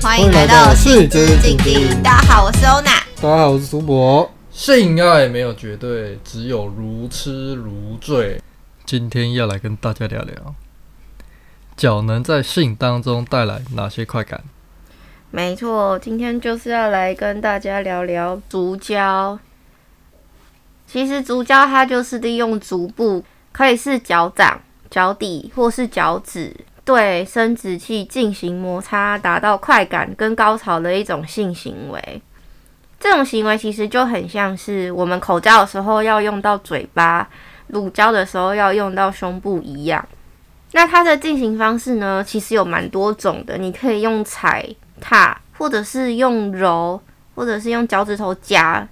歡迎來到性之靜靜。大家好，我是歐娜。大家好，我是蘇博。性愛沒有絕對，只有如癡如醉。今天要來跟大家聊聊腳能在性當中帶來哪些快感。沒錯，今天就是要來跟大家聊聊足交。其實足交它就是利用足部。可以是腳掌、腳底或是腳趾對生殖器進行摩擦，達到快感跟高潮的一種性行為。這種行為其實就很像是我們口交的時候要用到嘴巴，乳交的時候要用到胸部一樣。那它的進行方式呢，其實有蠻多種的，你可以用踩踏，或者是用揉，或者是用腳趾頭夾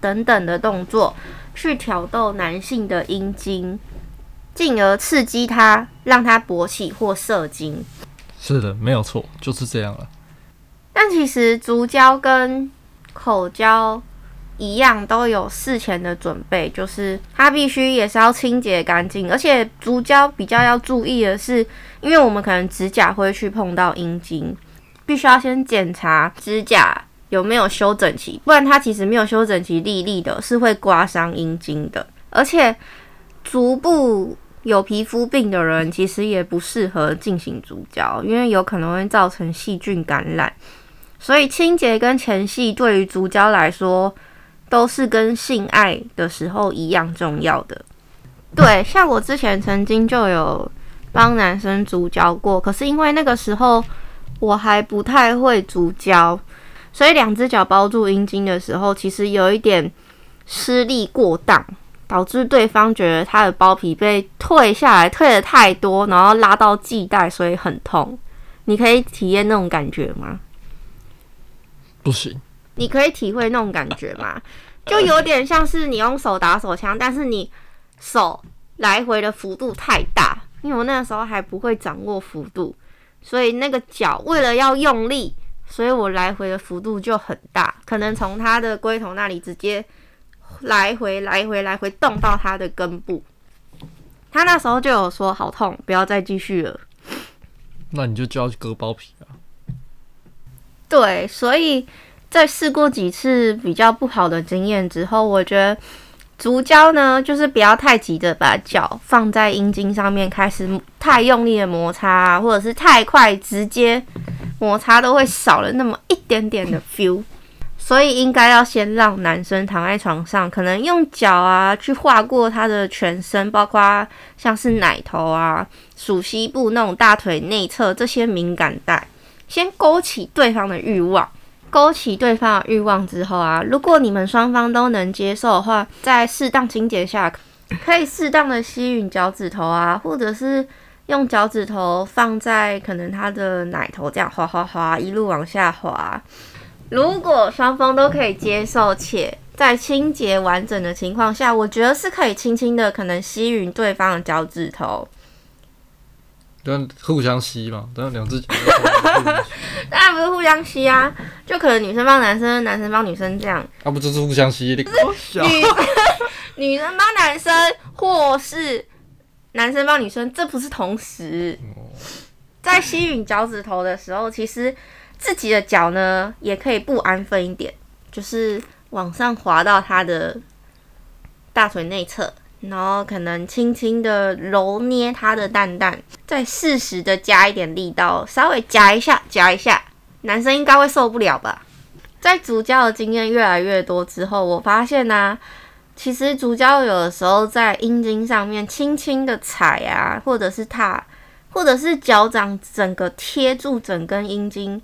等等的動作。去挑逗男性的陰莖，進而刺激他，讓他勃起或射精。是的，沒有錯，就是這樣了。但其實足交跟口交一樣，都有事前的準備，就是它必須也是要清潔乾淨。而且足交比較要注意的是，因為我們可能指甲會去碰到陰莖，必須要先檢查指甲。有沒有修整齊？不然它其實沒有修整齊，粒粒的是會刮傷陰莖的。而且足部有皮膚病的人，其實也不適合進行足交，因為有可能會造成細菌感染。所以清潔跟前戲對於足交來說，都是跟性愛的時候一樣重要的。對，像我之前曾經就有幫男生足交過，可是因為那個時候我還不太會足交。所以兩隻腳包住陰莖的時候，其實有一點施力過當，導致對方覺得他的包皮被退下來，退的太多，然後拉到繫帶，所以很痛。你可以體驗那種感覺嗎？不行。你可以體會那種感覺嗎？就有點像是你用手打手槍、呃，但是你手來回的幅度太大，因為我那個時候還不會掌握幅度，所以那個腳為了要用力。所以我來回的幅度就很大，可能從他的龜頭那裡直接來回來回來回動到他的根部。他那時候就有說好痛，不要再繼續了。那你就就要去割包皮啊。對，所以在試過幾次比較不好的經驗之後，我覺得足交呢，就是不要太急着把腳放在陰莖上面開始太用力的摩擦啊，或者是太快直接。摩擦都會少了那麼一點點的 feel，所以應該要先讓男生躺在床上，可能用腳啊去劃過他的全身，包括像是奶頭啊、鼠蹊部那種大腿內側這些敏感帶，先勾起對方的慾望。勾起對方的慾望之後啊，如果你們雙方都能接受的話，在適當清潔下，可以適當的吸吮腳趾頭啊，或者是。用腳趾頭放在可能他的奶頭這樣滑滑滑一路往下滑，如果雙方都可以接受且在清潔完整的情況下，我覺得是可以輕輕的可能吸吮對方的腳趾頭。但互相吸嘛，兩隻腳都吸 但兩隻腳。當然不是互相吸啊， 就可能女生幫男生，男生幫女生這樣。啊，不就是互相吸？的、就是。你小。 女生幫男生，或是。男生幫女生，這不是同時在吸吮腳趾頭的時候，其實自己的腳呢也可以不安分一點，就是往上滑到他的大腿內側，然後可能輕輕的揉捏他的蛋蛋，再適時的加一點力道，稍微夾一下，夾一下，男生應該會受不了吧？在主教的經驗越來越多之後，我發現呢、啊。其實足交有的時候在陰莖上面輕輕的踩啊，或者是踏，或者是腳掌整個貼住整根陰莖，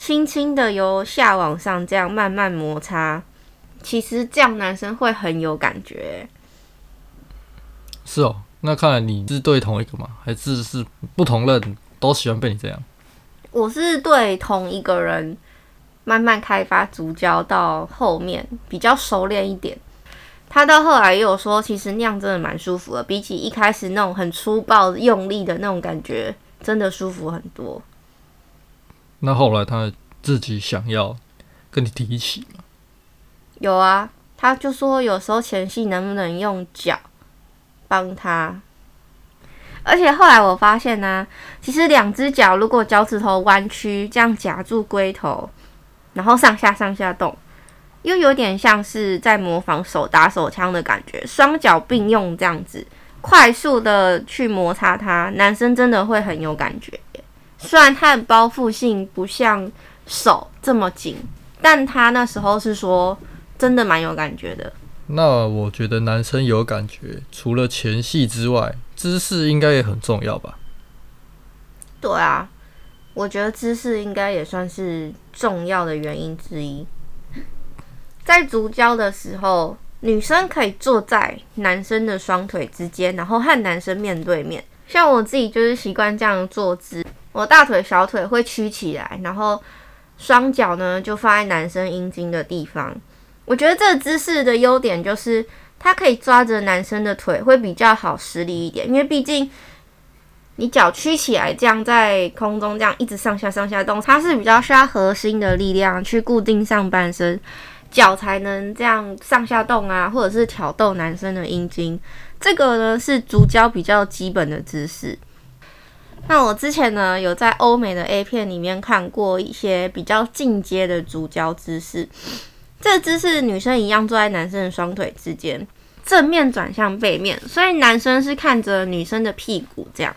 輕輕的由下往上這樣慢慢摩擦，其實這樣男生會很有感覺。是哦，那看來你是對同一個嗎？還是是不同人都喜歡被你這樣？我是對同一個人慢慢開發足交到後面比較熟練一點。他到後來也有說，其實那樣真的蠻舒服的，比起一開始那種很粗暴用力的那種感覺，真的舒服很多。那後來他自己想要跟你提起嗎？有啊，他就說有時候前戲能不能用腳幫他？而且後來我發現呢、啊，其實兩只腳如果腳趾頭彎曲這樣夾住龜頭，然後上下上下動。又有點像是在模仿手打手槍的感覺，雙腳並用這樣子，快速的去摩擦他，男生真的會很有感覺。雖然他的包覆性不像手這麼緊，但他那時候是說真的蠻有感覺的。那我覺得男生有感覺，除了前戲之外，姿勢應該也很重要吧？對啊，我覺得姿勢應該也算是重要的原因之一。在足交的時候，女生可以坐在男生的雙腿之間，然後和男生面對面。像我自己就是習慣這樣的坐姿，我大腿、小腿會曲起來，然後雙腳呢就放在男生陰莖的地方。我覺得這個姿勢的優點就是，它可以抓着男生的腿，會比較好施力一點，因為畢竟你腳曲起來，這樣在空中這樣一直上下上下動，它是比較需要核心的力量去固定上半身。腳才能這樣上下動啊，或者是挑逗男生的陰莖，這個呢是足交比較基本的姿勢。那我之前呢有在歐美的 A 片裡面看過一些比較進階的足交姿勢。這個姿勢女生一樣坐在男生的雙腿之間，正面轉向背面，所以男生是看着女生的屁股這樣，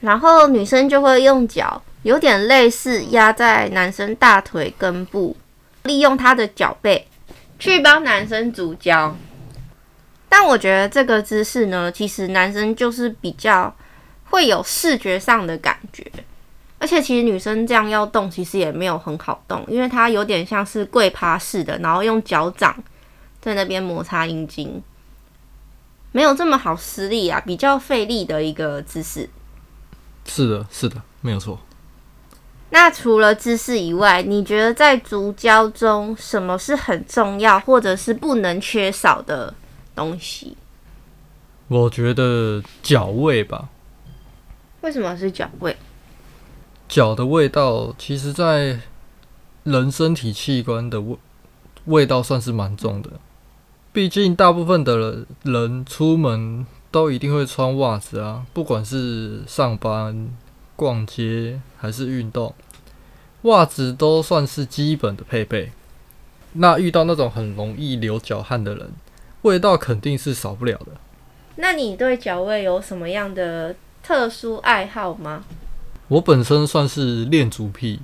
然後女生就會用腳有點類似壓在男生大腿根部，利用她的腳背。去幫男生足交，但我覺得這個姿勢呢，其實男生就是比較會有視覺上的感覺，而且其實女生這樣要動，其實也沒有很好動，因為它有點像是跪趴式的，然後用腳掌在那邊摩擦陰莖，沒有這麼好施力啊，比較費力的一個姿勢。是的，是的，沒有錯。那除了姿勢以外，你覺得在足交中什麼是很重要，或者是不能缺少的東西？我覺得腳味吧。為什麼是腳味？腳的味道，其實在人身體器官的味味道算是蠻重的。畢竟大部分的人出門都一定會穿襪子啊，不管是上班。逛街還是運動，襪子都算是基本的配備。那遇到那種很容易流腳汗的人，味道肯定是少不了的。那你對腳味有什麼樣的特殊愛好嗎？我本身算是戀足癖，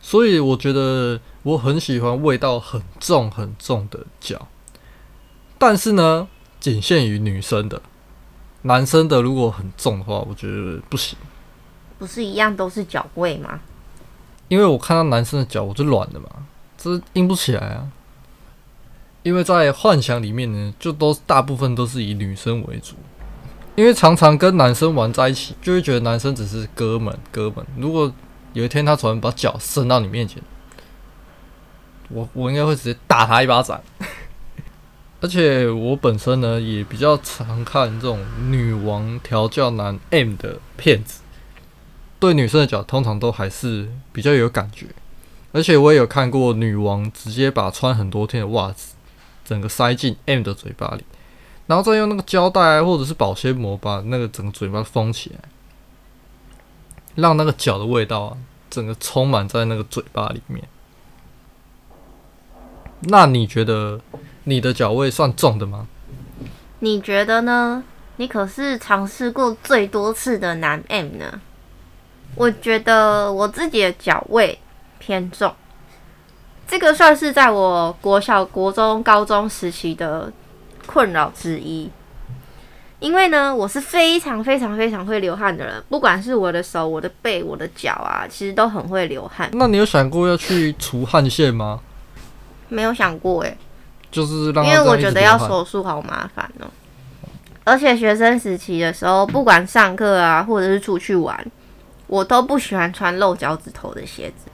所以我覺得我很喜歡味道很重、很重的腳，但是呢，僅限於女生的。男生的如果很重的話，我覺得不行。不是一樣都是腳櫃嗎？因為我看到男生的腳，我就軟的嘛，這硬不起來啊。因為在幻想裡面呢，就都大部分都是以女生為主，因為常常跟男生玩在一起，就會覺得男生只是哥們，哥們。如果有一天他突然把腳伸到你面前，我我應該會直接打他一巴掌。而且我本身呢，也比較常看這種女王調教男 M 的片子，對女生的腳通常都還是比較有感覺。而且我也有看過女王直接把穿很多天的襪子整個塞進 M 的嘴巴裡，然後再用那個膠帶或者是保鮮膜把那個整個嘴巴封起來，讓那個腳的味道啊整個充滿在那個嘴巴裡面。那你覺得？你的腳味算重的嗎？你覺得呢？你可是嘗試過最多次的男 M 呢。我覺得我自己的腳味偏重，這個算是在我國小、國中、高中時期的困擾之一。因為呢，我是非常、非常、非常會流汗的人，不管是我的手、我的背、我的腳啊，其實都很會流汗。那你有想過要去除汗腺嗎？沒有想過哎、欸。就是讓因為我覺得要手術好麻煩哦，而且學生時期的時候，不管上課啊，或者是出去玩，我都不喜歡穿露腳趾頭的鞋子。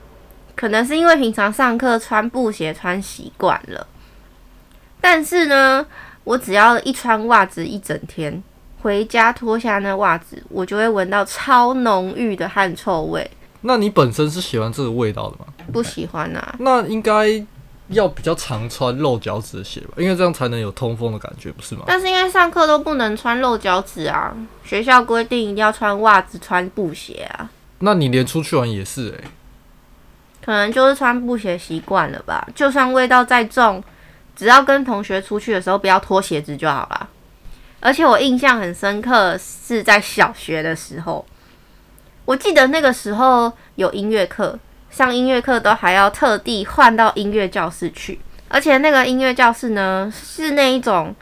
可能是因為平常上課穿布鞋穿習慣了，但是呢，我只要一穿襪子一整天，回家脫下那襪子，我就會聞到超濃郁的汗臭味。那你本身是喜歡這個味道的嗎？不喜歡啊。那應該。要比較常穿露腳趾的鞋吧，因為這樣才能有通風的感覺，不是嗎？但是因為上課都不能穿露腳趾啊，學校規定一定要穿襪子、穿布鞋啊。那你連出去玩也是誒、欸，可能就是穿布鞋習慣了吧。就算味道再重，只要跟同學出去的時候不要脫鞋子就好了。而且我印象很深刻，是在小學的時候，我記得那個時候有音樂課。上音樂課都還要特地換到音樂教室去，而且那個音樂教室呢，是那一種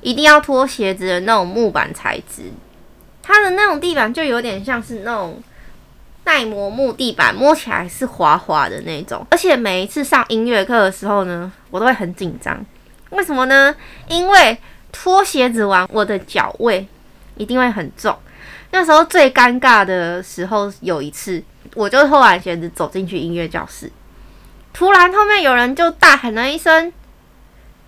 一定要脫鞋子的那種木板材質，它的那種地板就有點像是那種耐磨木地板，摸起來是滑滑的那種。而且每一次上音樂課的時候呢，我都會很緊張，為什麼呢？因為脫鞋子完，我的腳味一定會很重。那時候最尷尬的時候有一次。我就脫完鞋子走進去音樂教室，突然後面有人就大喊了一聲：“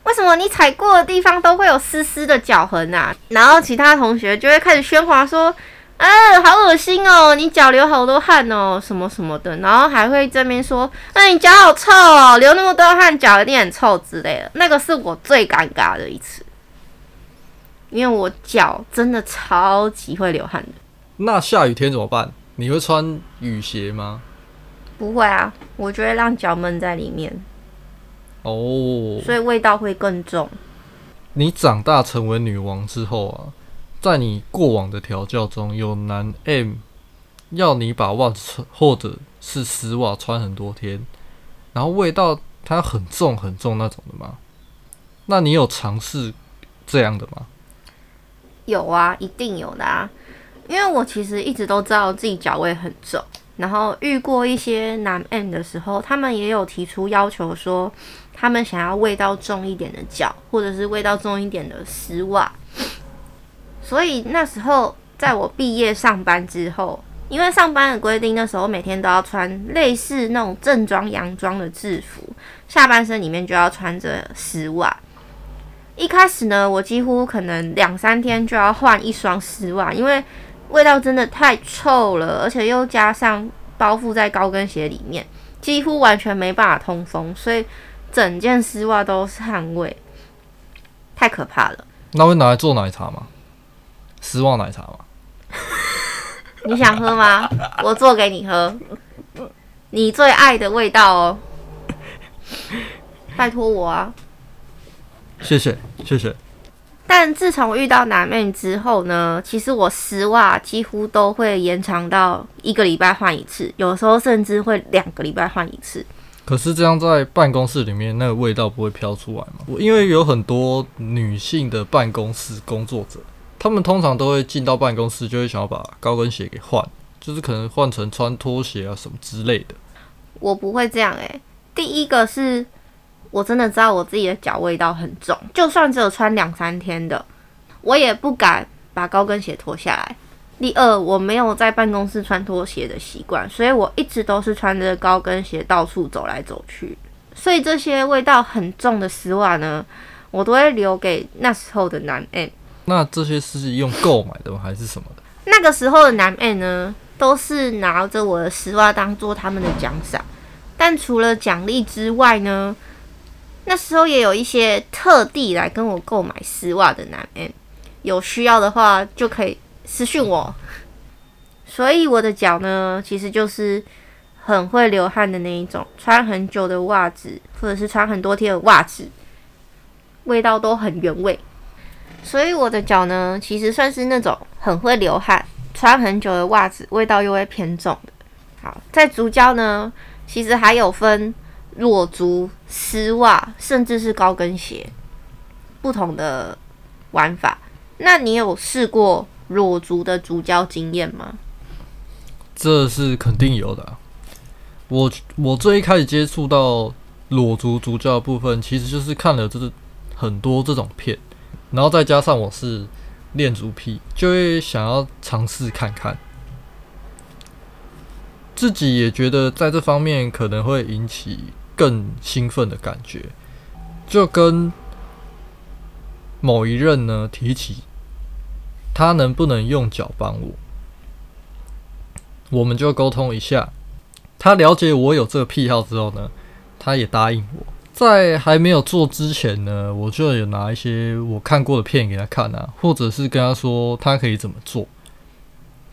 為什麼你踩過的地方都會有濕濕的腳痕啊？”然後其他同學就會開始喧嘩說：“嗯、啊，好噁心哦，你腳流好多汗哦，什麼什麼的。”然後還會在這邊說：“那、哎、你腳好臭哦，流那麼多汗，腳一定很臭之類的。”那個是我最尷尬的一次，因為我腳真的超級會流汗的。那下雨天怎麼辦？你會穿雨鞋嗎？不會啊，我覺得讓腳悶在裡面。哦，Oh，所以味道會更重。你長大成為女王之後啊，在你過往的調教中，有男 M 要你把襪子或者是絲襪穿很多天，然後味道它很重很重那種的嗎？那你有嘗試這樣的嗎？有啊，一定有的啊。因為我其實一直都知道自己腳味很重，然後遇過一些男 M 的時候，他們也有提出要求說，他們想要味道重一點的腳，或者是味道重一點的絲襪。所以那時候，在我畢業上班之後，因為上班的規定，那時候每天都要穿類似那種正裝、洋裝的制服，下半身裡面就要穿着絲襪。一開始呢，我幾乎可能兩三天就要換一雙絲襪，因為。味道真的太臭了，而且又加上包覆在高跟鞋裡面，幾乎完全沒辦法通風，所以整件絲襪都是汗味，太可怕了。那會拿來做奶茶嗎？絲襪奶茶嗎？ 你想喝嗎？我做給你喝，你最愛的味道哦，拜託我啊！謝謝，謝謝。但自從遇到男妹之後呢，其實我絲襪幾乎都會延長到一個禮拜換一次，有時候甚至會兩個禮拜換一次。可是這樣在辦公室裡面，那個味道不會飄出來嗎？因為有很多女性的辦公室工作者，她們通常都會進到辦公室就會想要把高跟鞋給換，就是可能換成穿拖鞋啊什麼之類的。我不會這樣誒、欸，第一個是。我真的知道我自己的腳味道很重，就算只有穿兩三天的，我也不敢把高跟鞋脫下來。第二，我沒有在辦公室穿拖鞋的習慣，所以我一直都是穿着高跟鞋到處走來走去。所以這些味道很重的絲襪呢，我都會留給那時候的男 M。那這些是用購買的嗎？ 還是什麼的？那個時候的男 M 呢，都是拿着我的絲襪當做他們的獎賞。但除了獎勵之外呢？那時候也有一些特地來跟我購買絲襪的男人，有需要的話就可以私訊我。所以我的腳呢，其實就是很會流汗的那一種，穿很久的襪子或者是穿很多天的襪子，味道都很原味。所以我的腳呢，其實算是那種很會流汗、穿很久的襪子味道又會偏重的。好，在足交呢，其實還有分。裸足絲襪，甚至是高跟鞋、不同的玩法。那你有試過裸足的足交經驗嗎？這是肯定有的啊。我我最一開始接觸到裸足足交的部分，其實就是看了這個很多這種片，然後再加上我是戀足癖，就會想要嘗試看看。自己也覺得在這方面可能會引起，更興奮的感覺，就跟某一任呢提起他能不能用腳幫我，我們就溝通一下。他了解我有這個癖好之後呢，他也答應我。在還沒有做之前呢，我就有拿一些我看過的片給他看啊，或者是跟他說他可以怎麼做。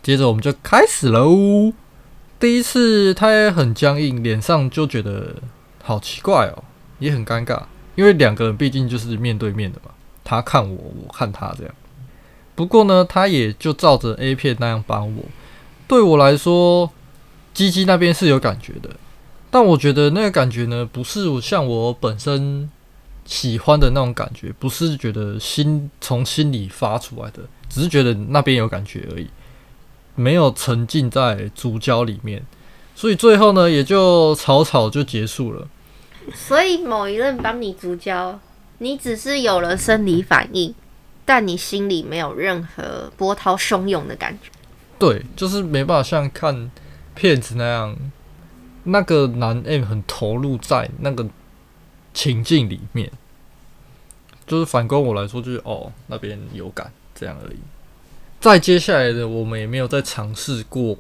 接着我們就開始嘍。第一次他也很僵硬，臉上就覺得，好奇怪哦，也很尷尬，因為兩個人畢竟就是面對面的嘛，他看我，我看他這樣。不過呢，他也就照着 A 片那樣幫我。對我來說，雞雞那邊是有感覺的，但我覺得那個感覺呢，不是像我本身喜歡的那種感覺，不是覺得心從心裡發出來的，只是覺得那邊有感覺而已，沒有沉浸在主角裡面，所以最後呢，也就草草就結束了。所以某一任幫你足交，你只是有了生理反應，但你心裡沒有任何波濤洶湧的感覺。對，就是沒辦法像看片子那樣，那個男 M 很投入在那個情境裡面，就是反觀我來說，就是哦那邊有感這樣而已。再接下來的我們也沒有再嘗試過，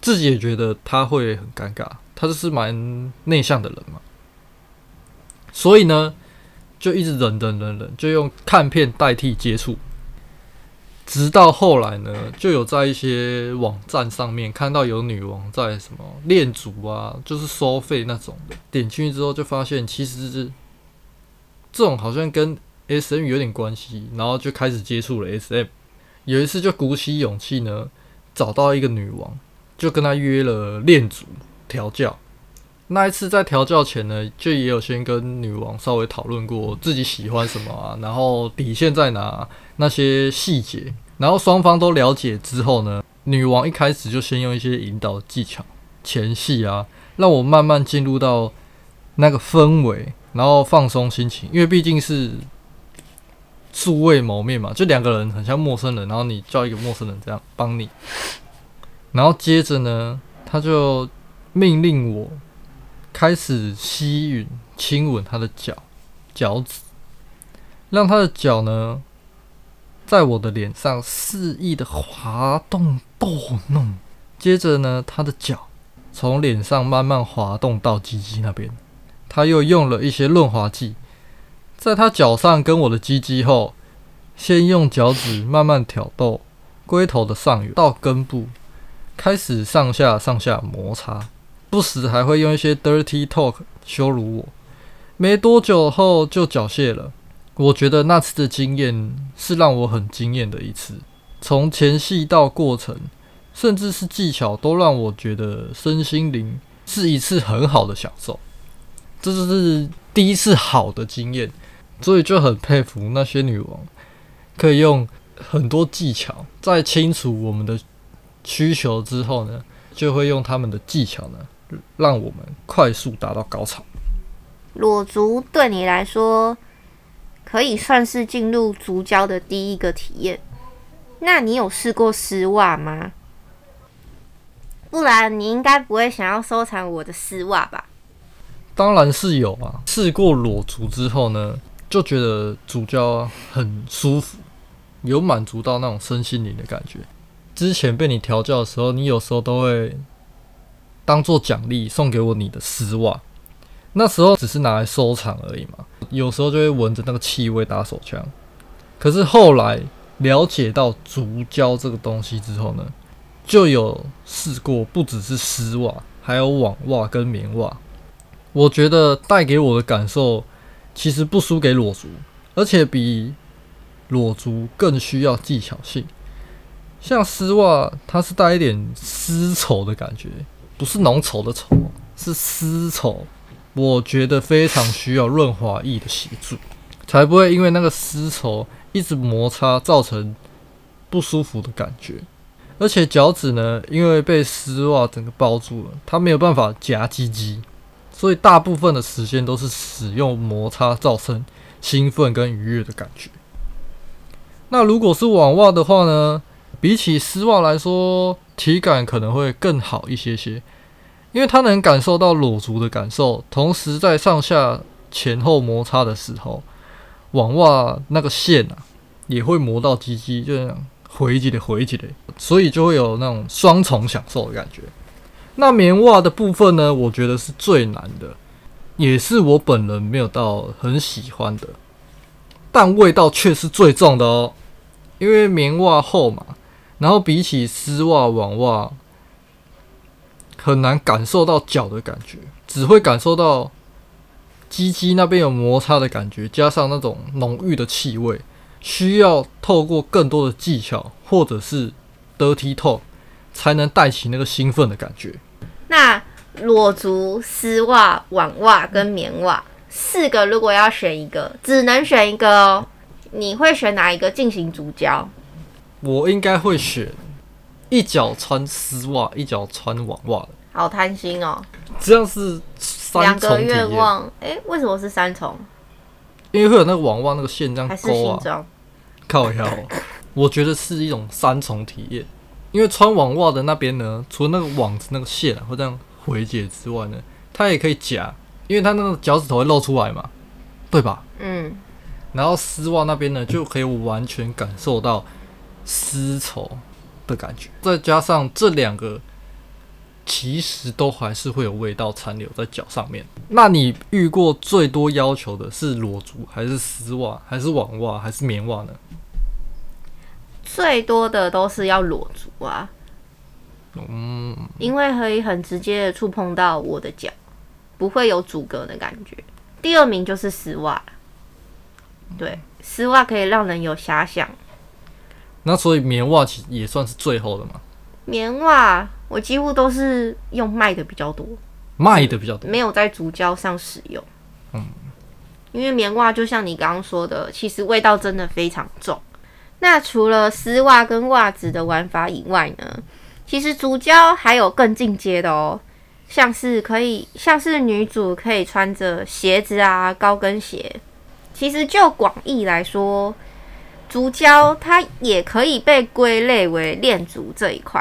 自己也覺得他會很尷尬，他就是蠻內向的人嘛。所以呢，就一直忍忍忍忍，就用看片代替接觸。直到後來呢，就有在一些網站上面看到有女王在什麼戀足啊，就是收費那種的。點進去之後，就發現其實是這種好像跟 SM 有點關係，然後就開始接觸了 SM。有一次就鼓起勇氣呢，找到一個女王，就跟她約了戀足調教。那一次在調教前呢，就也有先跟女王稍微討論過自己喜歡什麼啊，然後底線在哪，那些細節，然後雙方都了解之後呢，女王一開始就先用一些引導技巧，前戲啊，讓我慢慢進入到那個氛圍，然後放鬆心情，因為畢竟是素未謀面嘛，就兩個人很像陌生人，然後你叫一個陌生人這樣幫你，然後接着呢，他就命令我。開始吸吮、親吻他的腳腳趾，讓他的腳呢，在我的臉上肆意的滑動逗弄。接着呢，他的腳從臉上慢慢滑動到雞雞那邊，他又用了一些潤滑劑，在他腳上跟我的雞雞後，先用腳趾慢慢挑逗龜頭的上緣到根部，開始上下上下摩擦。不時還會用一些 dirty talk 羞辱我，沒多久後就繳械了。我覺得那次的經驗是讓我很驚艷的一次，從前戲到過程，甚至是技巧，都讓我覺得身心靈是一次很好的享受。這就是第一次好的經驗，所以就很佩服那些女王，可以用很多技巧，在清楚我們的需求之後呢，就會用他們的技巧呢。讓我們快速達到高潮。裸足對你來說可以算是進入足交的第一個體驗。那你有試過絲襪嗎？不然你應該不會想要收藏我的絲襪吧？當然是有啊，試過裸足之後呢，就覺得足交很舒服，有滿足到那種身心靈的感覺。之前被你調教的時候，你有時候都會，當做獎勵送給我你的絲襪，那時候只是拿來收藏而已嘛。有時候就會聞着那個氣味打手槍。可是後來了解到足交這個東西之後呢，就有試過不只是絲襪，還有網襪跟棉襪。我覺得帶給我的感受其實不輸給裸足，而且比裸足更需要技巧性。像絲襪，它是帶一點絲綢的感覺。不是濃稠的稠，是絲綢。我覺得非常需要潤滑液的協助，才不會因為那個絲綢一直摩擦造成不舒服的感覺。而且腳趾呢，因為被絲襪整個包住了，它沒有辦法夾雞雞，所以大部分的時間都是使用摩擦造成興奮跟愉悅的感覺。那如果是網襪的話呢？比起絲襪來說，體感可能會更好一些些，因為它能感受到裸足的感受，同時在上下前後摩擦的時候，網襪那個線啊，也會磨到唧唧，就這樣回憶起來，回憶起來，所以就會有那種雙重享受的感覺。那棉襪的部分呢，我覺得是最難的，也是我本人沒有到很喜歡的，但味道卻是最重的哦，因為棉襪厚嘛。然後比起絲襪、網襪，很難感受到腳的感覺，只會感受到，雞雞那邊有摩擦的感覺，加上那種濃郁的氣味，需要透過更多的技巧或者是 dirty talk，才能帶起那個興奮的感覺。那裸足、絲襪、網襪跟棉襪四個，如果要選一個，只能選一個哦，你會選哪一個進行足交？我應該會選一腳穿絲襪，一腳穿網襪。好貪心哦！這樣是三重願望。誒、欸，為什麼是三重？因為會有那個網襪那個線這樣勾啊。靠腰啊，我覺得是一種三重體驗。因為穿網襪的那邊呢，除了那個網子那個線會、啊、這樣回解之外呢，它也可以夾，因為它那個腳趾頭會露出來嘛，對吧？嗯。然後絲襪那邊呢，就可以完全感受到。絲綢的感覺，再加上這兩個，其實都還是會有味道殘留在腳上面。那你遇過最多要求的是裸足，還是絲襪，還是網襪，還是棉襪呢？最多的都是要裸足啊，嗯，因為可以很直接的觸碰到我的腳，不會有阻隔的感覺。第二名就是絲襪，對，絲襪可以讓人有遐想。那所以棉襪其實也算是最厚的嗎？棉襪我幾乎都是用賣的比較多，賣的比較多，沒有在足交上使用。嗯，因為棉襪就像你剛剛說的，其實味道真的非常重。那除了絲襪跟襪子的玩法以外呢，其實足交還有更進階的哦、喔，像是可以，像是女主可以穿着鞋子啊，高跟鞋。其實就廣義來說。足交它也可以被歸類為戀足這一塊，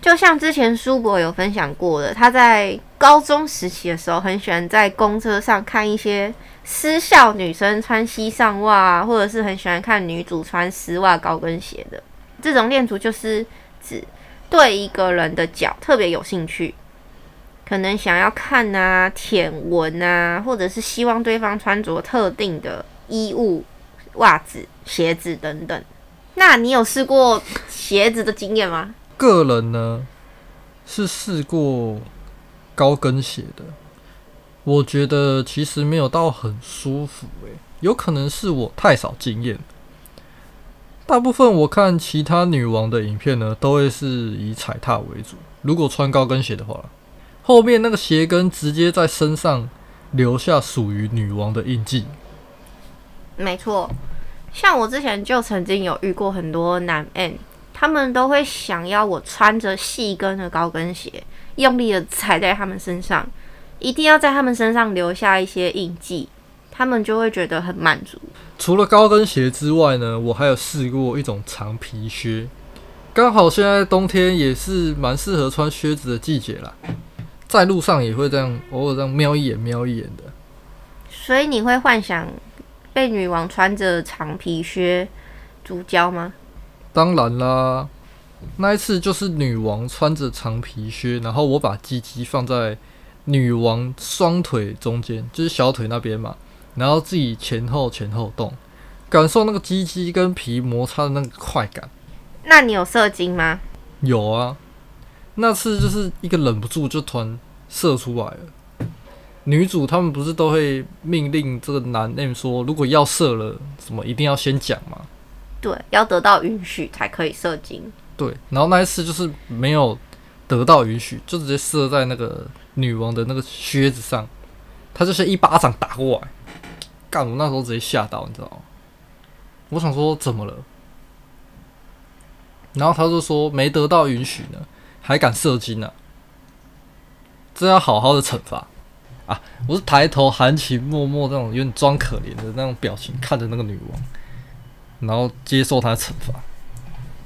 就像之前蘇博有分享過的，他在高中時期的時候，很喜歡在公車上看一些私校女生穿膝上襪啊，或者是很喜歡看女主穿絲襪高跟鞋的。這種戀足就是指對一個人的腳特別有興趣，可能想要看啊、舔聞啊，或者是希望對方穿着特定的衣物、襪子。鞋子等等，那你有試過鞋子的經驗嗎？個人呢是試過高跟鞋的，我覺得其實沒有到很舒服欸，有可能是我太少經驗。大部分我看其他女王的影片呢，都會是以踩踏為主。如果穿高跟鞋的話，後面那個鞋跟直接在身上留下屬於女王的印記。沒錯。像我之前就曾經有遇過很多男 M，他們都會想要我穿着細跟的高跟鞋，用力的踩在他們身上，一定要在他們身上留下一些印記，他們就會覺得很滿足。除了高跟鞋之外呢，我還有試過一種長皮靴，剛好現在冬天也是蠻適合穿靴子的季節啦，在路上也會這樣偶爾這樣瞄一眼瞄一眼的。所以你會幻想。被女王穿着長皮靴，足交嗎？當然啦，那一次就是女王穿着長皮靴，然後我把雞雞放在女王雙腿中間，就是小腿那邊嘛，然後自己前後前後動，感受那個雞雞跟皮摩擦的那個快感。那你有射精嗎？有啊，那次就是一個忍不住就突然射出來了。女主他們不是都會命令這個男的說，如果要射了，什麼一定要先講嗎？對，要得到允許才可以射精。對，然後那一次就是沒有得到允許，就直接射在那個女王的那個靴子上，他就是一巴掌打過來，幹，我那時候直接嚇到，你知道嗎？我想說怎麼了？然後他就說沒得到允許呢，還敢射精呢、啊？這要好好的懲罰。啊！我是抬頭含情脈脈那種，有點裝可憐的那種表情看着那個女王，然後接受她的懲罰。